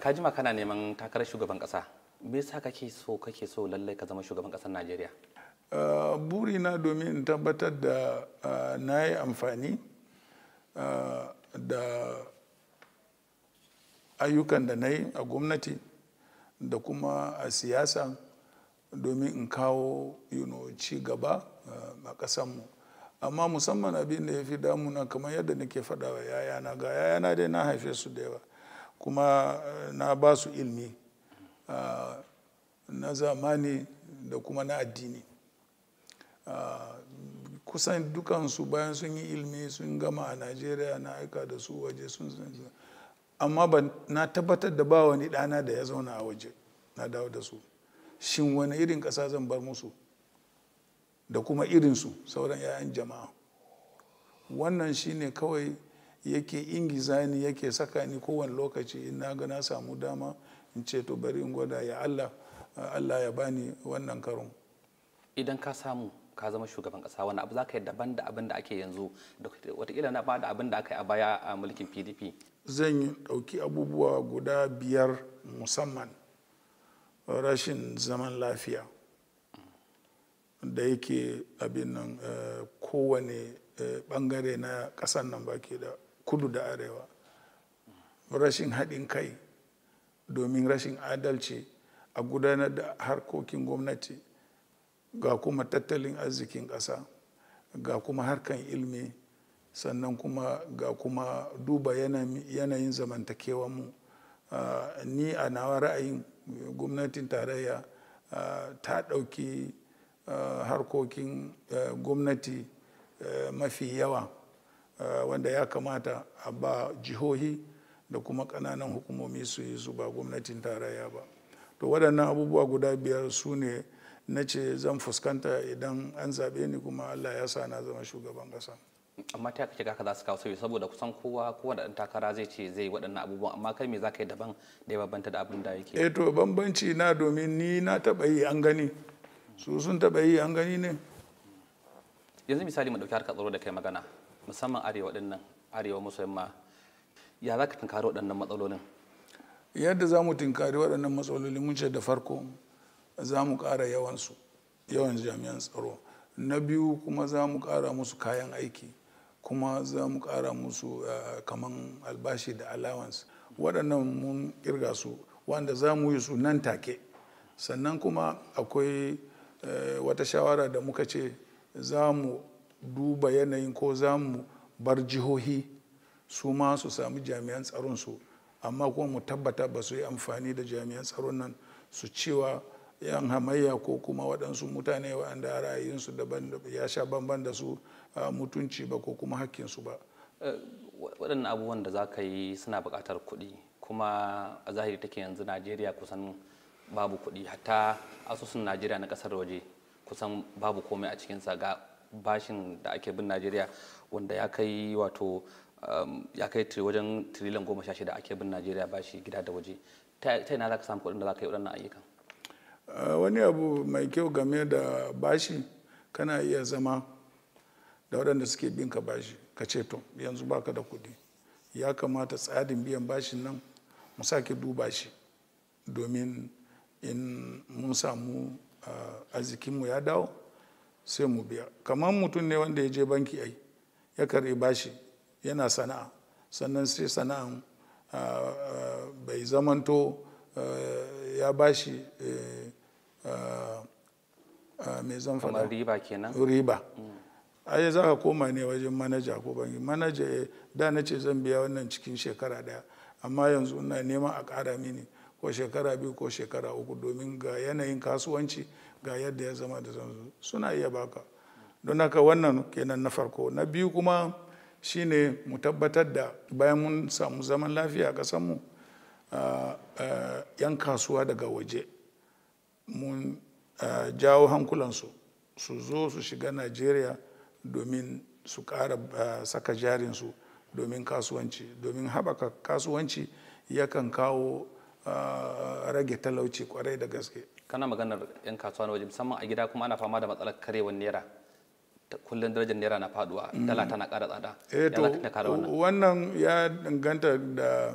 ka jima kana neman takarar shugaban kasa me yasa kake so kake so lallai ka zama shugaban kasar najeriya eh, buri na domin in tabbatar da eh, na yi amfani eh, da ayyukan da na yi a gwamnati da kuma a siyasa domin in kawo ci gaba a ƙasanmu amma musamman abin da ya fi damuna kamar yadda nake faɗawa yayana ga yayana dai na haife su da yawa kuma eh, na ba su ilmi ah, na zamani da kuma na addini ah, kusan dukansu bayan sun yi ilmi sun gama a najeriya na aika da su waje sun amma ba na tabbatar da ba wani dana da ya zauna a waje na dawo da su shin wani irin kasa zan bar musu da kuma irinsu sauran 'ya'yan jama'a wannan shine kawai yake ingiza ni yake saka ni kowane lokaci in na ga na samu dama in ce to bari in gwada ya Allah Allah ya bani wannan karon idan ka samu ka zama shugaban kasa wani abu za ka yi daban da abin da ake yanzu da watakila na ba da abin da aka yi a baya a mulkin pdp zan ɗauki abubuwa guda biyar musamman rashin zaman lafiya da yake abin nan eh, kowane bangare eh, na kasan nan baki da kudu da arewa rashin haɗin kai domin rashin adalci a gudanar da harkokin gwamnati ga kuma tattalin arzikin ƙasa ga kuma harkan ilmi sannan kuma ga kuma duba yanayin zamantakewa mu ah, ni a nawa ra'ayin gwamnatin tarayya ah, ta ɗauki ah, harkokin eh, gwamnati eh, mafi yawa Eh, wanda ya kamata a ba jihohi da kuma kananan hukumomi su yi su ba gwamnatin tarayya ba to waɗannan abubuwa guda biyar su ne na ce zan fuskanta idan an zaɓe ni kuma allah ya sa na zama shugaban ƙasa amma ta kake ga za su kawo sauyi saboda kusan kowa kowa da takara zai ce zai yi waɗannan abubuwan amma kai me za ka yi daban da ya babbanta da abin da yake eh to bambanci na domin ni na taɓa yi an gani su sun taɓa yi an gani ne yanzu misali mu ɗauki harkar tsaro da kai magana musamman arewa din nan arewa maso yamma ya za ka tunkari waɗannan matsalolin yadda za mu tunkari waɗannan matsalolin mun ce da farko za mu ƙara yawansu yawan jami'an tsaro na biyu kuma za mu ƙara musu kayan aiki kuma za mu ƙara musu eh, kaman albashi da allowance waɗannan mun ƙirga su wanda za mu yi su nan take sannan kuma akwai eh, wata shawara da muka ce za mu duba yanayin ko za mu bar jihohi su ma su sami jami'an tsaron su amma kuma mu tabbata ba su yi amfani da jami'an tsaron nan su cewa yan hamayya ko kuma waɗansu mutane waɗanda ra'ayinsu daban ya sha bamban da su mutunci ba ko kuma hakkinsu ba eh, waɗannan abubuwan da za ka yi suna buƙatar kuɗi kuma a zahiri take yanzu najeriya kusan babu kuɗi hatta asusun najeriya na ƙasar waje kusan babu komai a cikinsa ga bashin da ake bin najeriya wanda ya kai wato um, ya kai wajen tiriliyan goma sha shida ake bin najeriya bashi gida da waje ta ina za ka samu kuɗin da za ka yi waɗannan ayyukan uh, wani abu mai kyau game da bashi kana iya zama da waɗanda suke bin ka bashi ka ce to yanzu baka da kuɗi ya kamata tsadin biyan bashin nan mu sake duba shi domin in mun samu uh, arzikinmu ya dawo sai mu biya kamar mutum ne wanda ya je banki ai ya karɓi bashi yana sana'a sannan sai sana'an bai zamanto ya bashi mai zamfana riba kenan riba mm. ai za ka koma ne wajen manaja ko banki manaja eh, da na ce zan biya wannan cikin shekara daya amma yanzu ina neman a ƙara mini ko shekara biyu ko shekara uku domin ga yanayin kasuwanci ga yadda ya zama da zanzu suna iya baka don haka wannan kenan na farko na biyu kuma shine mu tabbatar da bayan mun samu zaman lafiya a ƙasanmu yan kasuwa daga waje mun jawo hankulansu su zo su shiga najeriya domin su ƙara saka jarinsu domin kasuwanci domin haɓaka kasuwanci yakan kawo Ah, rage talauci kwarai da gaske kana maganar yan kasuwa na waje musamman a gida kuma ana fama da matsalar karewar naira kullum darajar naira na faduwa dala tana ƙara tsada eh, wannan ya danganta da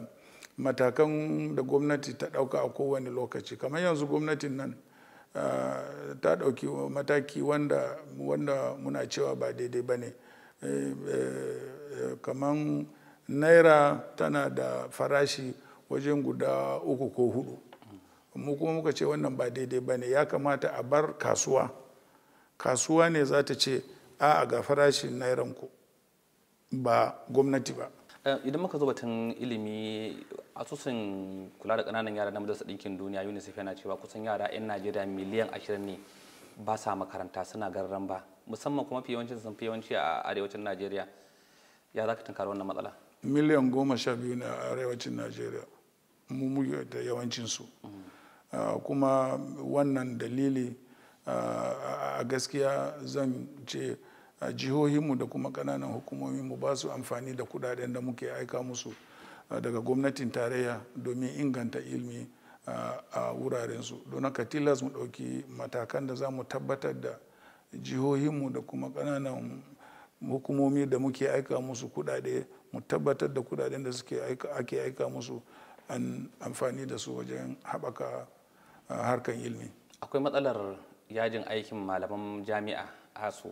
matakan da gwamnati ta ɗauka a kowane lokaci kamar yanzu gwamnatin nan ah, ta ɗauki mataki wanda wanda muna cewa ba daidai ba ne eh, eh, kamar naira tana da farashi wajen guda uku ko hudu mu kuma muka ce wannan ba daidai ba ne ya kamata a bar kasuwa kasuwa ne za ta ce a ga farashin nairanku ba gwamnati ba eh, idan muka zo batun ilimi asusun kula da kananan yara na majalisar ɗinkin duniya unicef yana cewa kusan yara 'yan najeriya miliyan 20 ne ba sa makaranta suna garran ba musamman kuma yawancin sun fi yawanci a arewacin najeriya ya za ka tunkari wannan matsala miliyan goma sha biyu ne a arewacin najeriya mu da yawancinsu ah, kuma wannan dalili ah, a gaskiya zan ce ah, jihohinmu da kuma ƙananan hukumominmu ba su amfani da kudaden da muke aika musu daga gwamnatin tarayya domin inganta ilmi a wurarensu don haka tilas mu ɗauki matakan da za mu tabbatar da jihohinmu da kuma ƙananan hukumomi da muke aika musu kudade mu tabbatar da kudaden da suke ake aika musu an amfani da su wajen haɓaka uh, harkan ilimi. akwai matsalar yajin aikin malaman jami'a asu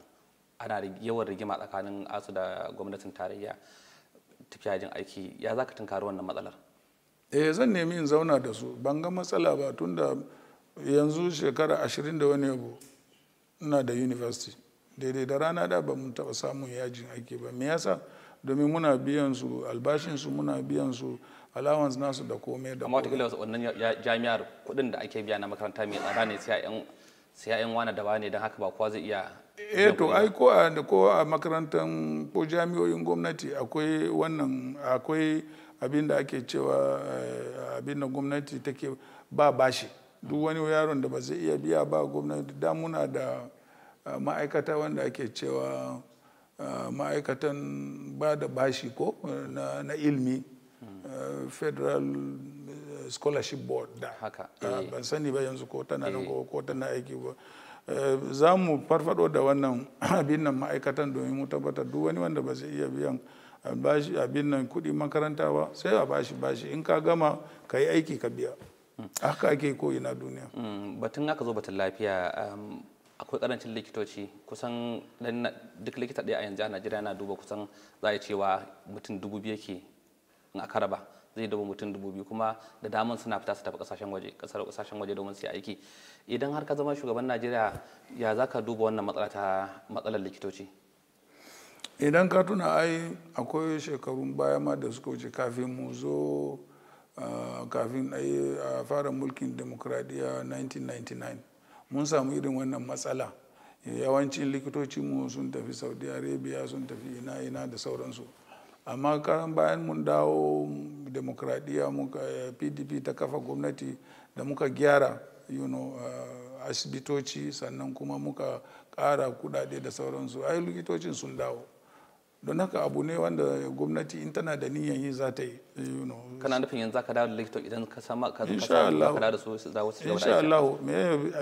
ana yawan rigima tsakanin asu da gwamnatin tarayya tafiya yajin aiki ya za ka tunkari wannan matsalar eh zan nemi in zauna da su ban ga matsala ba tun da yanzu shekara ashirin da wani abu ina da university daidai da rana da ba mun taɓa samun yajin aiki ba me yasa domin muna biyan su albashin muna biyan su allowance nasu da komai da amma wata wannan jami'ar kuɗin da ake biya na makaranta mai tsada ne sai yan wani da ne don haka ba kowa zai iya eh to ai ko a ko a makarantar ko jami'o'in gwamnati akwai wannan akwai abin da ake cewa eh, abin da gwamnati take ba bashi duk wani yaron da ba zai iya biya ba gwamnati da muna da eh, ma'aikata wanda ake cewa eh, ma'aikatan ba da bashi ko na ilmi federal eh, scholarship board da haka ah, eh. ban sani ba yanzu ko tana nan ko eh. tana aiki ba za mu farfado da wannan abin nan ma'aikatan domin mu tabbatar duk wani wanda ba zai iya biyan bashi abin nan kuɗi makaranta ba sai a bashi bashi in ka gama ka yi aiki ka biya mm. haka ake ko ina duniya mm, batun aka zo batun lafiya um, akwai karancin likitoci kusan duk likita ɗaya a yanzu a najeriya na duba kusan za a cewa mutum dubu biyu ke in aka raba zai dubu mutum dubu biyu kuma da damar suna fita su tafi kasashen waje kasar kasashen waje domin su aiki idan har ka zama shugaban najeriya ya za ka duba wannan matsala ta matsalar likitoci idan ka tuna ai akwai shekarun baya ma da suka wuce kafin mu zo kafin a fara mulkin demokradiyya 1999 mun samu irin wannan matsala yawancin likitocinmu sun tafi saudi arabia sun tafi ina ina da sauransu amma karan bayan mun dawo demokradiyya muka pdp ta kafa gwamnati da muka gyara you know, eh, asibitoci sannan kuma muka ƙara kudade da sauransu ai likitocin sun dawo don haka abu ne wanda gwamnati in tana da niyan yi za ta yi kana nufin yanzu ka dawo da likita idan ka sama ka ka da su za su dawo insha Allah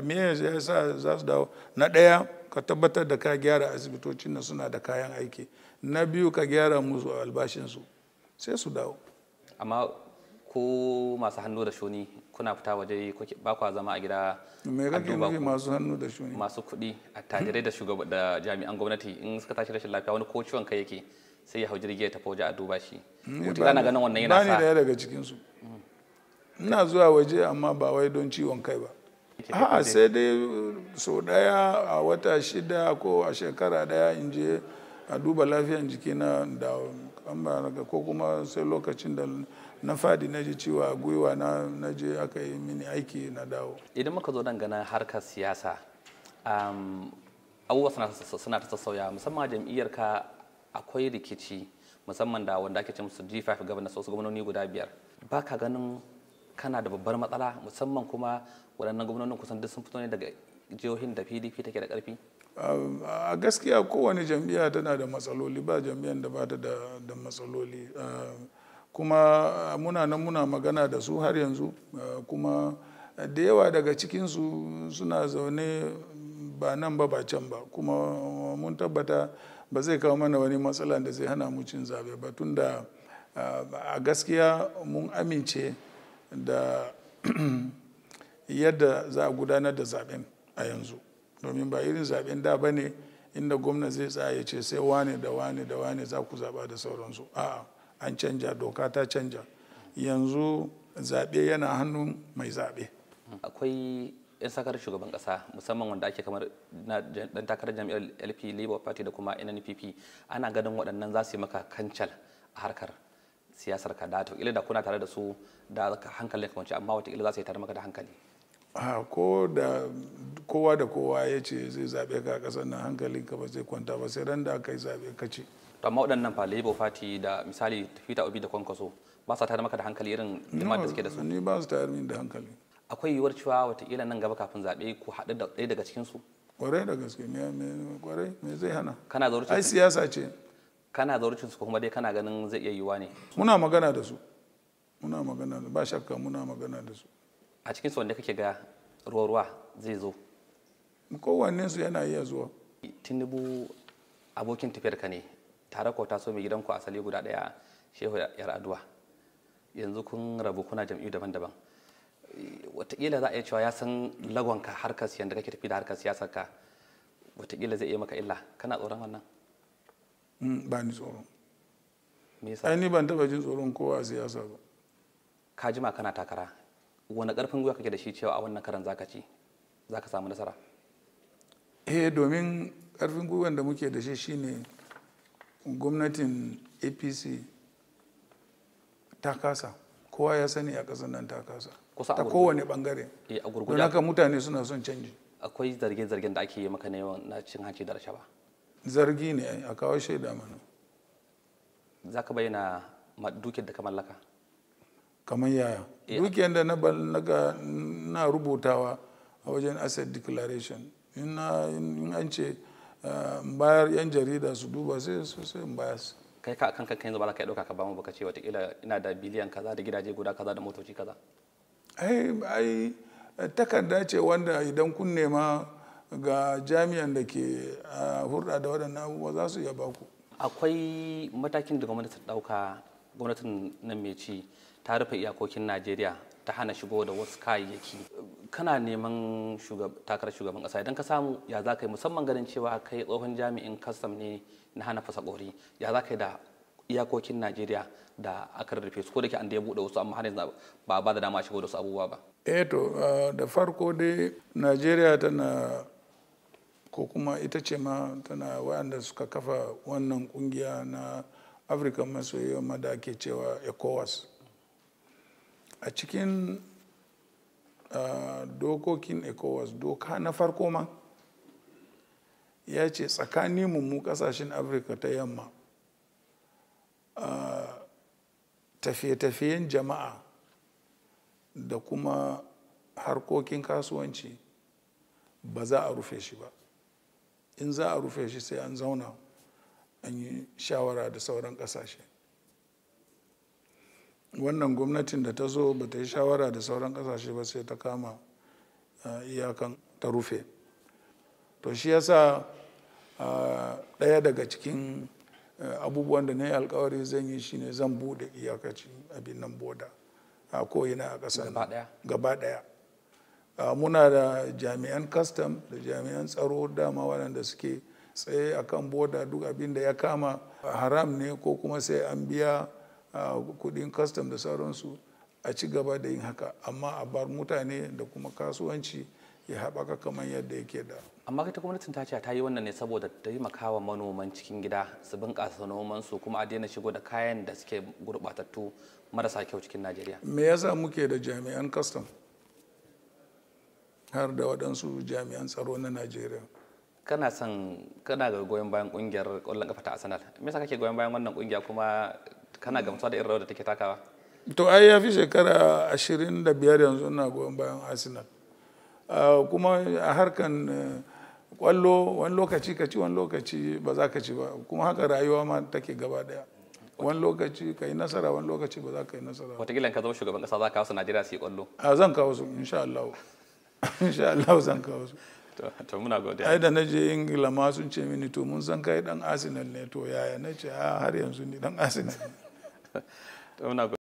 me ya za su dawo na daya ka tabbatar da ka gyara asibitocin nan suna da kayan aiki na biyu ka gyara musu albashin su sai su dawo amma ko masu hannu da shuni kuna fita waje ba kwa zama a gida me kake nufi masu hannu da shuni masu kuɗi attajirai da shugaba da jami'an gwamnati in suka tashi rashin lafiya wani ko ciwon kai yake sai ya hau jirgi ya tafi waje a duba shi wata na ganin wannan yana sa bani daga cikin su ina zuwa waje amma ba wai don ciwon kai ba a'a sai dai uh, sau daya a wata shida ko a shekara daya in je a duba lafiyan jikina da ko kuma sai lokacin da na fadi na ji cewa gwiwa na je aka yi mini aiki na dawo idan muka zo dangana harkar siyasa abubuwa suna ta sassauya musamman jam'iyyar ka akwai rikici musamman da wanda ake ce musu G5 governors wasu gwamnoni guda biyar ba ka ganin kana da babbar matsala musamman kuma waɗannan gwamnonin kusan duk sun fito ne daga jihohin da PDP take da ƙarfi a gaskiya kowane jam'iyya tana da matsaloli ba jam'iyyar da ba ta da matsaloli kuma muna nan muna magana da su har yanzu kuma da yawa daga cikinsu suna zaune ba nan ba ba can ba kuma mun tabbata ba zai kawo mana wani matsala da zai hana mu cin zabe ba tunda a gaskiya mun amince da yadda za a gudanar da zaben a yanzu domin ba irin zaben da ba ne inda gwamna zai tsaya ya ce sai wane da wane da wane za ku zaba da sauransu a'a an canja doka ta canja yanzu zaɓe yana hannun mai zaɓe akwai 'yan sakarar shugaban kasa musamman wanda ake kamar dan takarar jam'iyyar lp labour party da kuma nnpp ana ganin waɗannan za su yi maka kancal a harkar siyasar ka da wataƙila da kuna tare da su da hankali kamar ce amma wataƙila za su yi tare maka da hankali a ko da kowa da kowa ya ce zai zaɓe ka a ƙasar nan ka ba zai kwanta ba sai ran da aka yi zaɓe ka ce to amma waɗannan fa Labour Party da misali Peter Obi da Kwankwaso ba sa tayar maka da hankali irin girma da suke da su ni ba su tayar min da hankali akwai yiwuwar cewa watakila nan gaba kafin zaɓe ku haɗu da ɗaya daga cikin su kwarai da gaske me kwarai me zai hana kana zaurucin ai siyasa ce kana zaurucin su kuma dai kana ganin zai iya yiwuwa ne muna magana da su muna magana da ba shakka muna magana da su a cikin su wanda kake ga ruwa ruwa zai zo kowanne su yana iya zuwa tinubu abokin tafiyar ka ne tare ko so mai gidanku asali guda daya shehu yar'adua yanzu kun rabu kuna jam'iyyu daban-daban watakila za a iya cewa ya san lagonka harkar siyan da kake tafi da harkar siyasar ka watakila zai iya maka illa kana tsoron wannan mm, ba ni tsoro ai ni ban taba jin tsoron kowa a siyasa ba ka jima kana takara wani karfin gwiwa kake da shi cewa a wannan karan zaka ci zaka samu nasara eh domin karfin gwiwan da muke da shi shine gwamnatin apc ta kasa kowa ya sani a ƙasar nan ta kasa ta kowane bangare eh, don haka mutane suna son canji akwai zarge-zargen da ake yi maka yawan na cin hanci da rashawa zargi ne a kawo shaida mana za ka bayyana dukiyar da ka mallaka kamar yaya eh, dukiyar da na mallaka na rubutawa a wajen asset declaration in an ce bayar yan jarida su duba sai sai in bayar kai ka kanka kai ba ka dauka ka ba mu baka ce ina da biliyan kaza da gidaje guda kaza da motoci kaza ai ai takarda ce wanda idan kun nema ga jami'an da ke hurɗa da waɗannan abubuwa za su iya baku akwai matakin da gwamnati ta ɗauka gwamnatin nan mai ci ta rufe iyakokin najeriya ta hana shigo da wasu kayayyaki kana neman takarar shugaban kasa idan ka samu ya za ka yi musamman ganin cewa kai tsohon jami'in kastam ne na hana fasakori ya za ka yi da iyakokin najeriya da aka rufe su da ke an da buɗe wasu amma har yanzu ba ba da dama shigo da wasu abubuwa ba eh to da farko dai najeriya tana ko kuma ita ce ma tana waɗanda suka kafa wannan kungiya na afirka maso yamma da ake cewa ecowas a cikin ah, dokokin ecowas doka na farko ma ya ce tsakanin mu kasashen afirka ta yamma ah, tafiye-tafiyen jama'a da kuma harkokin kasuwanci ba za a rufe shi ba in za a rufe shi sai an zauna an yi shawara da sauran kasashe wannan gwamnatin da ta zo ba ta yi shawara da sauran kasashe ba sai ta kama eh, iyakan ta rufe to shi yasa eh, ɗaya daga cikin eh, abubuwan da na yi alkawari zan yi shine zan buɗe iyakacin abin nan boda a ko'ina a ƙasar gaba ɗaya muna da jami'an custom da jami'an tsaro dama waɗanda suke tsaye akan boda duk abin da ya kama haram ne ko kuma sai an biya kudin kastam da sauransu a ci gaba da yin haka amma a bar mutane da kuma kasuwanci ya haɓaka kamar yadda yake da amma kai ta gwamnatin ta ce ta yi wannan ne saboda ta taimakawa manoman cikin gida su bunƙasa noman su kuma a daina shigo da kayan da suke gurɓatattu marasa kyau cikin najeriya me yasa muke da jami'an kastam har da waɗansu jami'an tsaro na najeriya kana son kana ga goyon bayan ƙungiyar ƙwallon kafa ta arsenal me yasa kake goyon bayan wannan ƙungiya kuma kana gamsuwa da irin da take takawa to ai ya fi shekara ashirin da biyar yanzu na goyon bayan arsenal ah, kuma a harkan eh, kwallo wani lokaci ka ci wani lokaci ba za ka ci ba kuma haka rayuwa ma take gaba daya wani lokaci ka yi nasara wani lokaci ba za ka yi nasara wataƙila ka zama shugaban ƙasa za ka kawo su najeriya su yi kwallo ah, zan kawo su insha allahu insha allahu zan kawo su to muna godiya ai da na je ingila ma sun ce mini to mun san kai dan arsenal ne to yaya na ce ah, har yanzu ni dan arsenal to muna